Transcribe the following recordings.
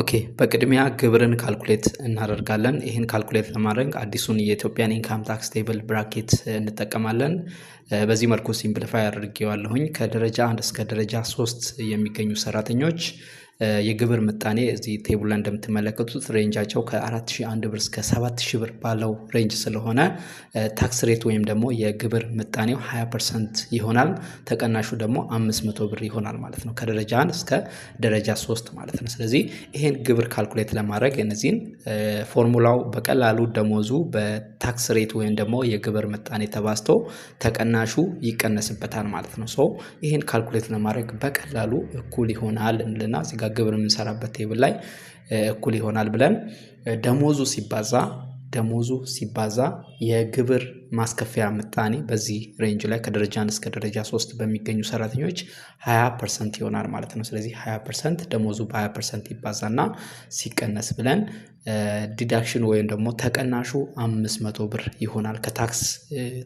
ኦኬ በቅድሚያ ግብርን ካልኩሌት እናደርጋለን። ይህን ካልኩሌት ለማድረግ አዲሱን የኢትዮጵያን ኢንካም ታክስ ቴብል ብራኬት እንጠቀማለን። በዚህ መልኩ ሲምፕሊፋይ አድርጌዋለሁኝ። ከደረጃ አንድ እስከ ደረጃ ሶስት የሚገኙ ሰራተኞች የግብር ምጣኔ እዚህ ቴብል ላይ እንደምትመለከቱት ሬንጃቸው ከ4100 ብር እስከ 7000 ብር ባለው ሬንጅ ስለሆነ ታክስ ሬት ወይም ደግሞ የግብር ምጣኔው 20 ፐርሰንት ይሆናል። ተቀናሹ ደግሞ 500 ብር ይሆናል ማለት ነው ከደረጃ 1 እስከ ደረጃ 3 ማለት ነው። ስለዚህ ይሄን ግብር ካልኩሌት ለማድረግ እነዚህን ፎርሙላው በቀላሉ ደሞዙ በታክስ ሬት ወይም ደግሞ የግብር ምጣኔ ተባዝቶ ተቀናሹ ይቀነስበታል ማለት ነው። ሶ ይሄን ካልኩሌት ለማድረግ በቀላሉ እኩል ይሆናል እንልና እዚጋ ግብር የምንሰራበት ቴብል ላይ እኩል ይሆናል ብለን ደሞዙ ሲባዛ ደሞዙ ሲባዛ የግብር ማስከፊያ ምጣኔ በዚህ ሬንጅ ላይ ከደረጃ እስከ ደረጃ ሶስት በሚገኙ ሰራተኞች 20 ፐርሰንት ይሆናል ማለት ነው። ስለዚህ 20 ፐርሰንት ደሞዙ በ20 ፐርሰንት ይባዛና ሲቀነስ ብለን ዲዳክሽን ወይም ደግሞ ተቀናሹ መቶ ብር ይሆናል ከታክስ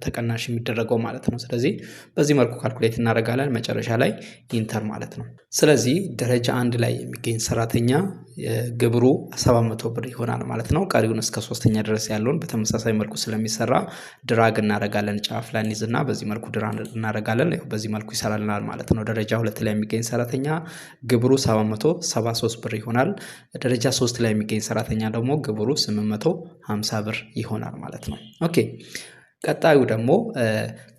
ተቀናሽ የሚደረገው ማለት ነው። ስለዚህ በዚህ መልኩ ካልኩሌት እናደርጋለን መጨረሻ ላይ ኢንተር ማለት ነው። ስለዚህ ደረጃ አንድ ላይ የሚገኝ ሰራተኛ ግብሩ መቶ ብር ይሆናል ማለት ነው። ቀሪውን እስከ ሶስተኛ ድረስ ያለውን በተመሳሳይ መልኩ ስለሚሰራ ድራግ እናደረጋለን ጫፍ ላይ እንይዝና በዚህ መልኩ ድራ እናደርጋለን። በዚህ መልኩ ይሰራልናል ማለት ነው። ደረጃ ሁለት ላይ የሚገኝ ሰራተኛ ግብሩ 773 ብር ይሆናል። ደረጃ ሶስት ላይ የሚገኝ ሰራተኛ ደግሞ ግብሩ 850 ብር ይሆናል ማለት ነው። ኦኬ ቀጣዩ ደግሞ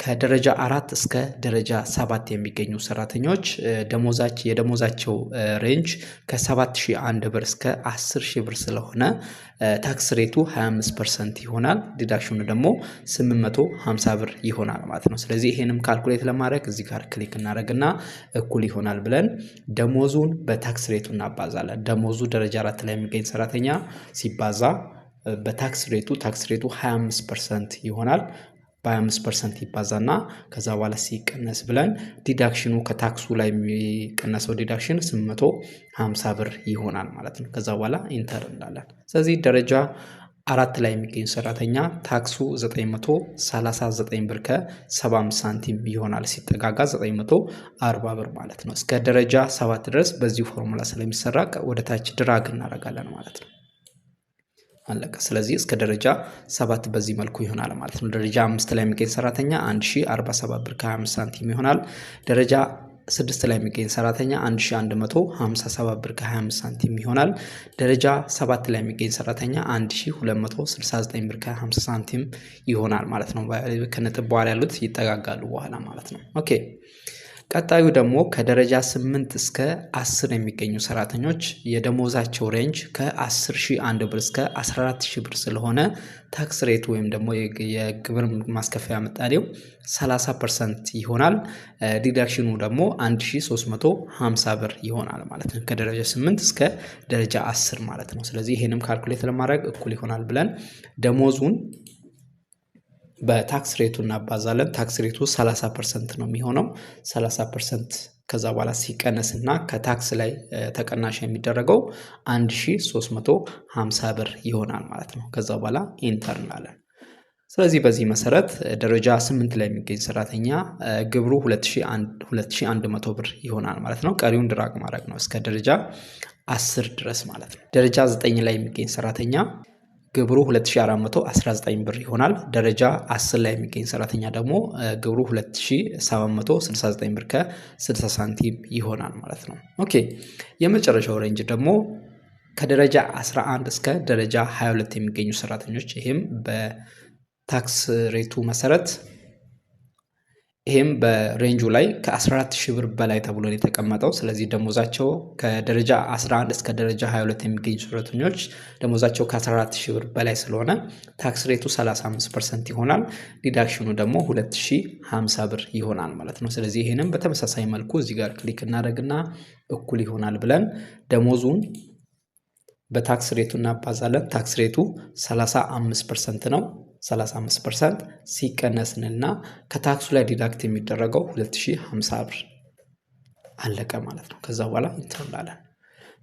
ከደረጃ አራት እስከ ደረጃ ሰባት የሚገኙ ሰራተኞች ደሞዛች የደሞዛቸው ሬንጅ ከ ሺህ ብር እስከ 10 ብር ስለሆነ ታክስ ሬቱ 25 ፐርሰንት ይሆናል። ዲዳክሽኑ ደግሞ 850 ብር ይሆናል ማለት ነው። ስለዚህ ይሄንም ካልኩሌት ለማድረግ እዚህ ጋር ክሊክ እናደረግና እኩል ይሆናል ብለን ደሞዙን በታክስ ሬቱ እናባዛለን። ደሞዙ ደረጃ አራት ላይ የሚገኝ ሰራተኛ ሲባዛ በታክስ ሬቱ ታክስ ሬቱ 25 ፐርሰንት ይሆናል። በ25 ፐርሰንት ይባዛና ከዛ በኋላ ሲቀነስ ብለን ዲዳክሽኑ ከታክሱ ላይ የሚቀነሰው ዲዳክሽን 850 ብር ይሆናል ማለት ነው። ከዛ በኋላ ኢንተር እንላለን። ስለዚህ ደረጃ አራት ላይ የሚገኙ ሰራተኛ ታክሱ 939 ብር ከ75 ሳንቲም ይሆናል። ሲጠጋጋ 940 ብር ማለት ነው። እስከ ደረጃ ሰባት ድረስ በዚህ ፎርሙላ ስለሚሰራ ወደታች ድራግ እናደርጋለን ማለት ነው። አለቀ። ስለዚህ እስከ ደረጃ ሰባት በዚህ መልኩ ይሆናል ማለት ነው። ደረጃ አምስት ላይ የሚገኝ ሰራተኛ 1047 ብር ከ25 ሳንቲም ይሆናል። ደረጃ ስድስት ላይ የሚገኝ ሰራተኛ 1157 ብር ከ25 ሳንቲም ይሆናል። ደረጃ ሰባት ላይ የሚገኝ ሰራተኛ 1269 ብር ከ50 ሳንቲም ይሆናል ማለት ነው። ከነጥብ በኋላ ያሉት ይጠጋጋሉ በኋላ ማለት ነው። ኦኬ ቀጣዩ ደግሞ ከደረጃ ስምንት እስከ አስር የሚገኙ ሰራተኞች የደሞዛቸው ሬንጅ ከ10 ሺህ 1 ብር እስከ 14 ሺህ ብር ስለሆነ ታክስ ሬት ወይም ደግሞ የግብር ማስከፈያ ምጣኔው 30 ፐርሰንት ይሆናል። ዲዳክሽኑ ደግሞ 1350 ብር ይሆናል ማለት ነው። ከደረጃ 8 እስከ ደረጃ 10 ማለት ነው። ስለዚህ ይህንም ካልኩሌት ለማድረግ እኩል ይሆናል ብለን ደሞዙን በታክስ ሬቱ እናባዛለን። ታክስ ሬቱ 30 ፐርሰንት ነው የሚሆነው 30 ፐርሰንት ከዛ በኋላ ሲቀነስ እና ከታክስ ላይ ተቀናሽ የሚደረገው 1350 ብር ይሆናል ማለት ነው። ከዛ በኋላ ኢንተር እናለን። ስለዚህ በዚህ መሰረት ደረጃ ስምንት ላይ የሚገኝ ሰራተኛ ግብሩ 2100 ብር ይሆናል ማለት ነው። ቀሪውን ድራግ ማድረግ ነው እስከ ደረጃ 10 ድረስ ማለት ነው። ደረጃ 9 ላይ የሚገኝ ሰራተኛ ግብሩ 2419 ብር ይሆናል። ደረጃ 10 ላይ የሚገኝ ሰራተኛ ደግሞ ግብሩ 2769 ብር ከ60 ሳንቲም ይሆናል ማለት ነው። ኦኬ የመጨረሻው ሬንጅ ደግሞ ከደረጃ 11 እስከ ደረጃ 22 የሚገኙ ሰራተኞች ይህም በታክስ ሬቱ መሰረት ይህም በሬንጁ ላይ ከ ሺህ ብር በላይ ተብሎ የተቀመጠው። ስለዚህ ደሞዛቸው ከደረጃ 11 እስከ ደረጃ 22 የሚገኙ ሰራተኞች ደሞዛቸው ከ 14 ብር በላይ ስለሆነ ታክስ ሬቱ 35 ፐርሰንት ይሆናል። ዲዳክሽኑ ደግሞ 2050 ብር ይሆናል ማለት ነው። ስለዚህ ይህንም በተመሳሳይ መልኩ እዚህ ጋር ክሊክ እናደርግና እኩል ይሆናል ብለን ደሞዙን በታክስ ሬቱ እናባዛለን። ታክስ ሬቱ 35 ፐርሰንት ነው። 35 ፐርሰንት ሲቀነስንና ከታክሱ ላይ ዲዳክት የሚደረገው 2050 ብር አለቀ ማለት ነው። ከዛ በኋላ እንተውላለን።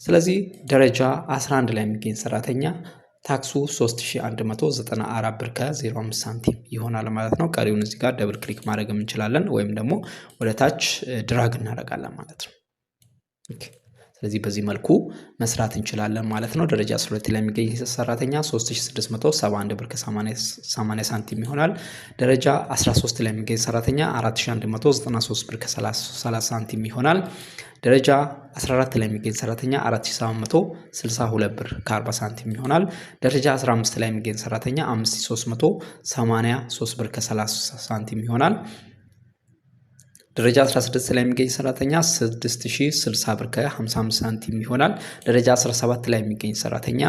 ስለዚህ ደረጃ 11 ላይ የሚገኝ ሰራተኛ ታክሱ 3194 ብር ከ05 ሳንቲም ይሆናል ማለት ነው። ቀሪውን እዚህ ጋር ደብል ክሊክ ማድረግም እንችላለን፣ ወይም ደግሞ ወደ ታች ድራግ እናደርጋለን ማለት ነው። ስለዚህ በዚህ መልኩ መስራት እንችላለን ማለት ነው። ደረጃ 12 ላይ የሚገኝ ሂሳብ ሰራተኛ 3671 ብር ከ80 ሳንቲም ይሆናል። ደረጃ 13 ላይ የሚገኝ ሰራተኛ 4193 ብር ከ30 ሳንቲም ይሆናል። ደረጃ 14 ላይ የሚገኝ ሰራተኛ 4762 ብር ከ40 ሳንቲም ይሆናል። ደረጃ 15 ላይ የሚገኝ ሰራተኛ 5383 ብር ከ30 ሳንቲም ይሆናል። ደረጃ 16 ላይ የሚገኝ ሰራተኛ 6060 ብር ከ55 ሳንቲም ይሆናል። ደረጃ 17 ላይ የሚገኝ ሰራተኛ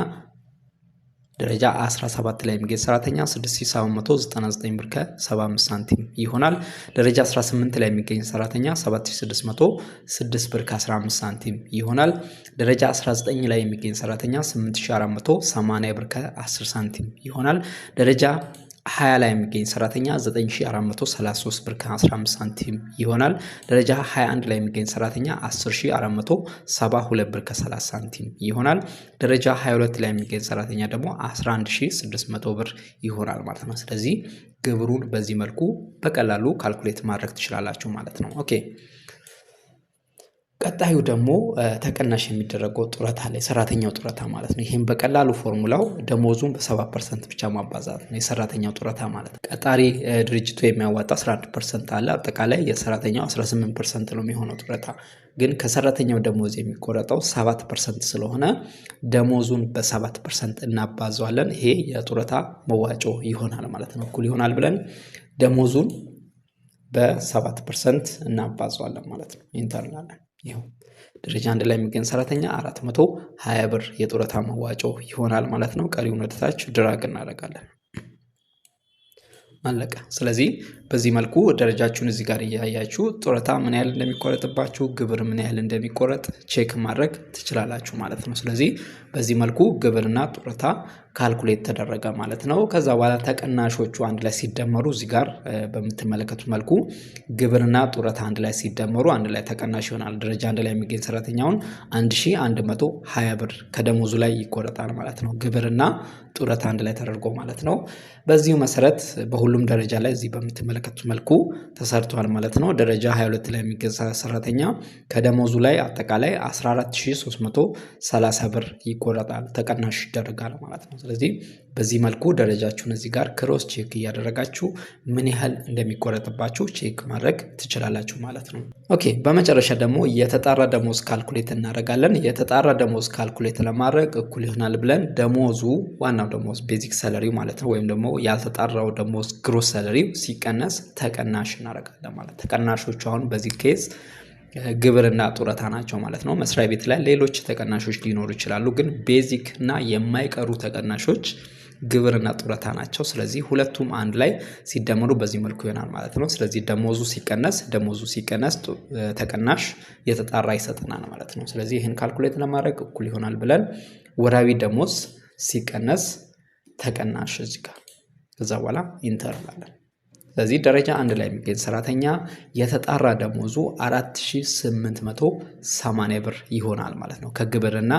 ደረጃ 17 ላይ የሚገኝ ሰራተኛ 6799 ብር ከ75 ሳንቲም ይሆናል። ደረጃ 18 ላይ የሚገኝ ሰራተኛ 7606 ብር ከ15 ሳንቲም ይሆናል። ደረጃ 19 ላይ የሚገኝ ሰራተኛ 8480 ብር ከ10 ሳንቲም ይሆናል። ደረጃ 20 ላይ የሚገኝ ሰራተኛ 9433 ብር ከ15 ሳንቲም ይሆናል። ደረጃ 21 ላይ የሚገኝ ሰራተኛ 10472 ብር ከ30 ሳንቲም ይሆናል። ደረጃ 22 ላይ የሚገኝ ሰራተኛ ደግሞ 11600 ብር ይሆናል ማለት ነው። ስለዚህ ግብሩን በዚህ መልኩ በቀላሉ ካልኩሌት ማድረግ ትችላላችሁ ማለት ነው። ኦኬ ቀጣዩ ደግሞ ተቀናሽ የሚደረገው ጡረታ ላይ ሰራተኛው ጡረታ ማለት ነው። ይህም በቀላሉ ፎርሙላው ደሞዙን በ7 ፐርሰንት ብቻ ማባዛት ነው የሰራተኛው ጡረታ ማለት ነው። ቀጣሪ ድርጅቱ የሚያዋጣ 11 ፐርሰንት አለ። አጠቃላይ የሰራተኛው 18 ፐርሰንት ነው የሚሆነው ጡረታ። ግን ከሰራተኛው ደሞዝ የሚቆረጠው 7 ፐርሰንት ስለሆነ ደሞዙን በ7 ፐርሰንት እናባዘዋለን። ይሄ የጡረታ መዋጮ ይሆናል ማለት ነው። እኩል ይሆናል ብለን ደሞዙን በ7 ፐርሰንት እናባዘዋለን ማለት ነው። ኢንተርናለን ይኸው ደረጃ አንድ ላይ የሚገኝ ሰራተኛ አራት መቶ ሀያ ብር የጡረታ መዋጮ ይሆናል ማለት ነው። ቀሪውን ወደታች ድራግ እናደርጋለን። አለቀ። ስለዚህ በዚህ መልኩ ደረጃችሁን እዚህ ጋር እያያችሁ ጡረታ ምን ያህል እንደሚቆረጥባችሁ፣ ግብር ምን ያህል እንደሚቆረጥ ቼክ ማድረግ ትችላላችሁ ማለት ነው። ስለዚህ በዚህ መልኩ ግብርና ጡረታ ካልኩሌት ተደረገ ማለት ነው። ከዛ በኋላ ተቀናሾቹ አንድ ላይ ሲደመሩ እዚህ ጋር በምትመለከቱት መልኩ ግብርና ጡረታ አንድ ላይ ሲደመሩ አንድ ላይ ተቀናሽ ይሆናል። ደረጃ አንድ ላይ የሚገኝ ሰራተኛውን 1120 ብር ከደሞዙ ላይ ይቆረጣል ማለት ነው። ግብርና ጡረታ አንድ ላይ ተደርጎ ማለት ነው። በዚሁ መሰረት በሁሉም ደረጃ ላይ እዚህ በምትመለከቱት መልኩ ተሰርቷል ማለት ነው። ደረጃ 22 ላይ የሚገኝ ሰራተኛ ከደሞዙ ላይ አጠቃላይ 14330 ብር ይቆረጣል፣ ተቀናሽ ይደረጋል ማለት ነው። ስለዚህ በዚህ መልኩ ደረጃችሁን እዚህ ጋር ክሮስ ቼክ እያደረጋችሁ ምን ያህል እንደሚቆረጥባችሁ ቼክ ማድረግ ትችላላችሁ ማለት ነው። ኦኬ በመጨረሻ ደግሞ የተጣራ ደሞዝ ካልኩሌት እናደርጋለን። የተጣራ ደሞዝ ካልኩሌት ለማድረግ እኩል ይሆናል ብለን ደሞዙ ዋናው ደሞዝ ቤዚክ ሰለሪ ማለት ነው ወይም ደግሞ ያልተጣራው ደሞዝ ግሮስ ሰለሪው ሲቀነስ ተቀናሽ እናደርጋለን ማለት ተቀናሾቹ አሁን በዚህ ኬዝ ግብርና ጡረታ ናቸው ማለት ነው። መስሪያ ቤት ላይ ሌሎች ተቀናሾች ሊኖሩ ይችላሉ፣ ግን ቤዚክ እና የማይቀሩ ተቀናሾች ግብርና ጡረታ ናቸው። ስለዚህ ሁለቱም አንድ ላይ ሲደመሩ በዚህ መልኩ ይሆናል ማለት ነው። ስለዚህ ደሞዙ ሲቀነስ ደሞዙ ሲቀነስ ተቀናሽ የተጣራ ይሰጠናል ማለት ነው። ስለዚህ ይህን ካልኩሌት ለማድረግ እኩል ይሆናል ብለን ወራዊ ደሞዝ ሲቀነስ ተቀናሽ እዚህ ጋር ከዛ በኋላ ኢንተር ላለን በዚህ ደረጃ አንድ ላይ የሚገኝ ሰራተኛ የተጣራ ደሞዙ 4880 ብር ይሆናል ማለት ነው። ከግብርና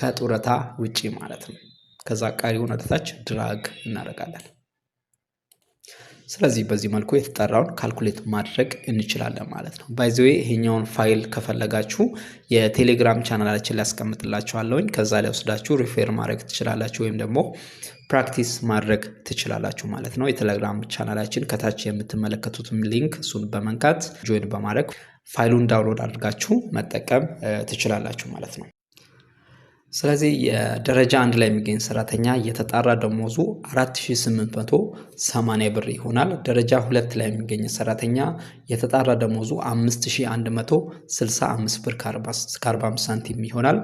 ከጡረታ ውጪ ማለት ነው። ከዛ ቃሪውን ወደታች ድራግ እናደርጋለን። ስለዚህ በዚህ መልኩ የተጠራውን ካልኩሌት ማድረግ እንችላለን ማለት ነው። ባይዘዌ ይሄኛውን ፋይል ከፈለጋችሁ የቴሌግራም ቻናላችን ሊያስቀምጥላችኋለሁኝ። ከዛ ላይ ወስዳችሁ ሪፌር ማድረግ ትችላላችሁ ወይም ደግሞ ፕራክቲስ ማድረግ ትችላላችሁ ማለት ነው። የቴሌግራም ቻናላችን ከታች የምትመለከቱትም ሊንክ እሱን በመንካት ጆይን በማድረግ ፋይሉን ዳውንሎድ አድርጋችሁ መጠቀም ትችላላችሁ ማለት ነው። ስለዚህ የደረጃ አንድ ላይ የሚገኝ ሰራተኛ የተጣራ ደሞዙ 4880 ብር ይሆናል። ደረጃ ሁለት ላይ የሚገኝ ሰራተኛ የተጣራ ደሞዙ 5165 ብር ከ45 ሳንቲም ይሆናል።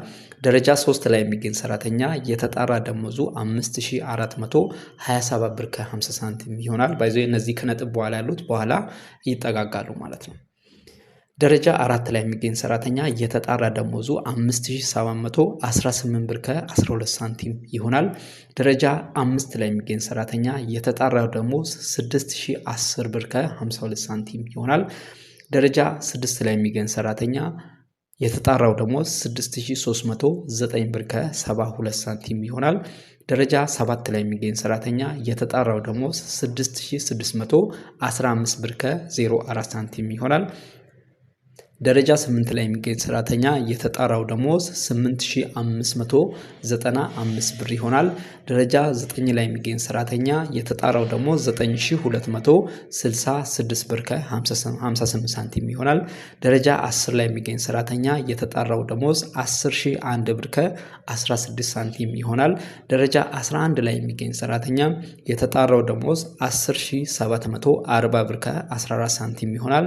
ደረጃ ሶስት ላይ የሚገኝ ሰራተኛ የተጣራ ደሞዙ 5427 ብር ከ50 ሳንቲም ይሆናል። ባይዞ እነዚህ ከነጥብ በኋላ ያሉት በኋላ ይጠጋጋሉ ማለት ነው። ደረጃ አራት ላይ የሚገኝ ሰራተኛ የተጣራ ደሞዙ 5718 ብር ከ12 ሳንቲም ይሆናል። ደረጃ አምስት ላይ የሚገኝ ሰራተኛ የተጣራ ደሞዝ 6010 ብር ከ52 ሳንቲም ይሆናል። ደረጃ ስድስት ላይ የሚገኝ ሰራተኛ የተጣራው ደሞዝ 6309 ብር ከ72 ሳንቲም ይሆናል። ደረጃ 7 ላይ የሚገኝ ሰራተኛ የተጣራው ደሞዝ 6615 ብር ከ04 ሳንቲም ይሆናል። ደረጃ 8 ላይ የሚገኝ ሰራተኛ የተጣራው ደሞዝ 8595 ብር ይሆናል። ደረጃ 9 ላይ የሚገኝ ሰራተኛ የተጣራው ደሞዝ 9266 ብር ከ58 ሳንቲም ይሆናል። ደረጃ 10 ላይ የሚገኝ ሰራተኛ የተጣራው ደሞዝ 10001 ብር ከ16 ሳንቲም ይሆናል። ደረጃ 11 ላይ የሚገኝ ሰራተኛ የተጣራው ደሞዝ 10740 ብር ከ14 ሳንቲም ይሆናል።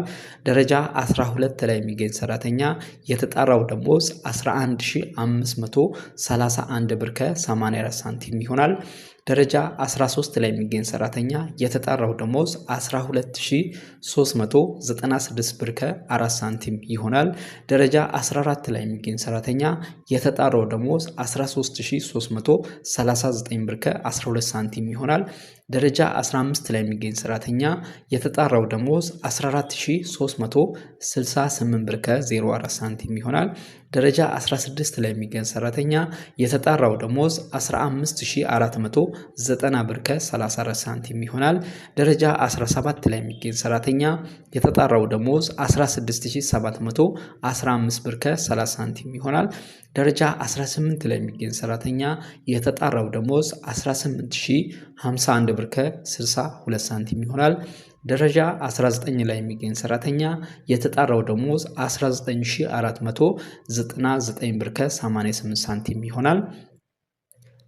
ደረጃ 12 ላይ የሚገኝ ሰራተኛ የተጣራው ደሞዝ 11531 ብር ከ84 ሳንቲም ይሆናል። ደረጃ 13 ላይ የሚገኝ ሰራተኛ የተጣራው ደሞዝ 12396 ብር ከ4 ሳንቲም ይሆናል። ደረጃ 14 ላይ የሚገኝ ሰራተኛ የተጣራው ደሞዝ 13339 ብር ከ12 ሳንቲም ይሆናል። ደረጃ 15 ላይ የሚገኝ ሰራተኛ የተጣራው ደሞዝ 14368 ብር ከ04 ሳንቲም ይሆናል። ደረጃ 16 ላይ የሚገኝ ሰራተኛ የተጣራው ደሞዝ 15490 ብር ከ34 ሳንቲም ይሆናል። ደረጃ 17 ላይ የሚገኝ ሰራተኛ የተጣራው ደሞዝ 16715 ብር ከ30 ሳንቲም ይሆናል። ደረጃ 18 ላይ የሚገኝ ሰራተኛ የተጣራው ደሞዝ 18051 ብር ከ62 ሳንቲም ይሆናል። ደረጃ 19 ላይ የሚገኝ ሰራተኛ የተጣራው ደሞዝ 19499 ብር ከ88 ሳንቲም ይሆናል።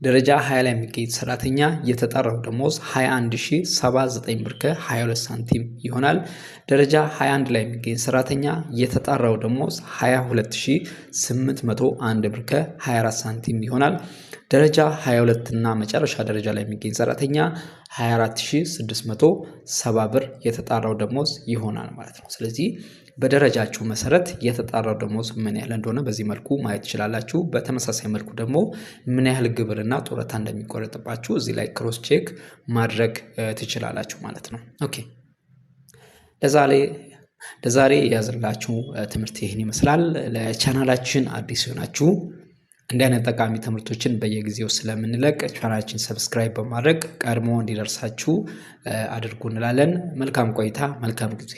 ደረጃ 20 ላይ የሚገኝ ሰራተኛ የተጣራው ደሞዝ 21079 ብር ከ22 ሳንቲም ይሆናል። ደረጃ 21 ላይ የሚገኝ ሰራተኛ የተጣራው ደሞዝ 22801 ብር ከ24 ሳንቲም ይሆናል። ደረጃ 22 እና መጨረሻ ደረጃ ላይ የሚገኝ ሰራተኛ 24670 ብር የተጣራው ደሞዝ ይሆናል ማለት ነው። ስለዚህ በደረጃችሁ መሰረት የተጣራው ደሞዝ ምን ያህል እንደሆነ በዚህ መልኩ ማየት ትችላላችሁ። በተመሳሳይ መልኩ ደግሞ ምን ያህል ግብርና ጡረታ እንደሚቆረጥባችሁ እዚህ ላይ ክሮስ ቼክ ማድረግ ትችላላችሁ ማለት ነው። ኦኬ ለዛሬ ለዛሬ የያዝንላችሁ ትምህርት ይህን ይመስላል። ለቻናላችን አዲስ ይሆናችሁ እንዲህ አይነት ጠቃሚ ትምህርቶችን በየጊዜው ስለምንለቅ ቻናችን ሰብስክራይብ በማድረግ ቀድሞ እንዲደርሳችሁ አድርጉ እንላለን። መልካም ቆይታ፣ መልካም ጊዜ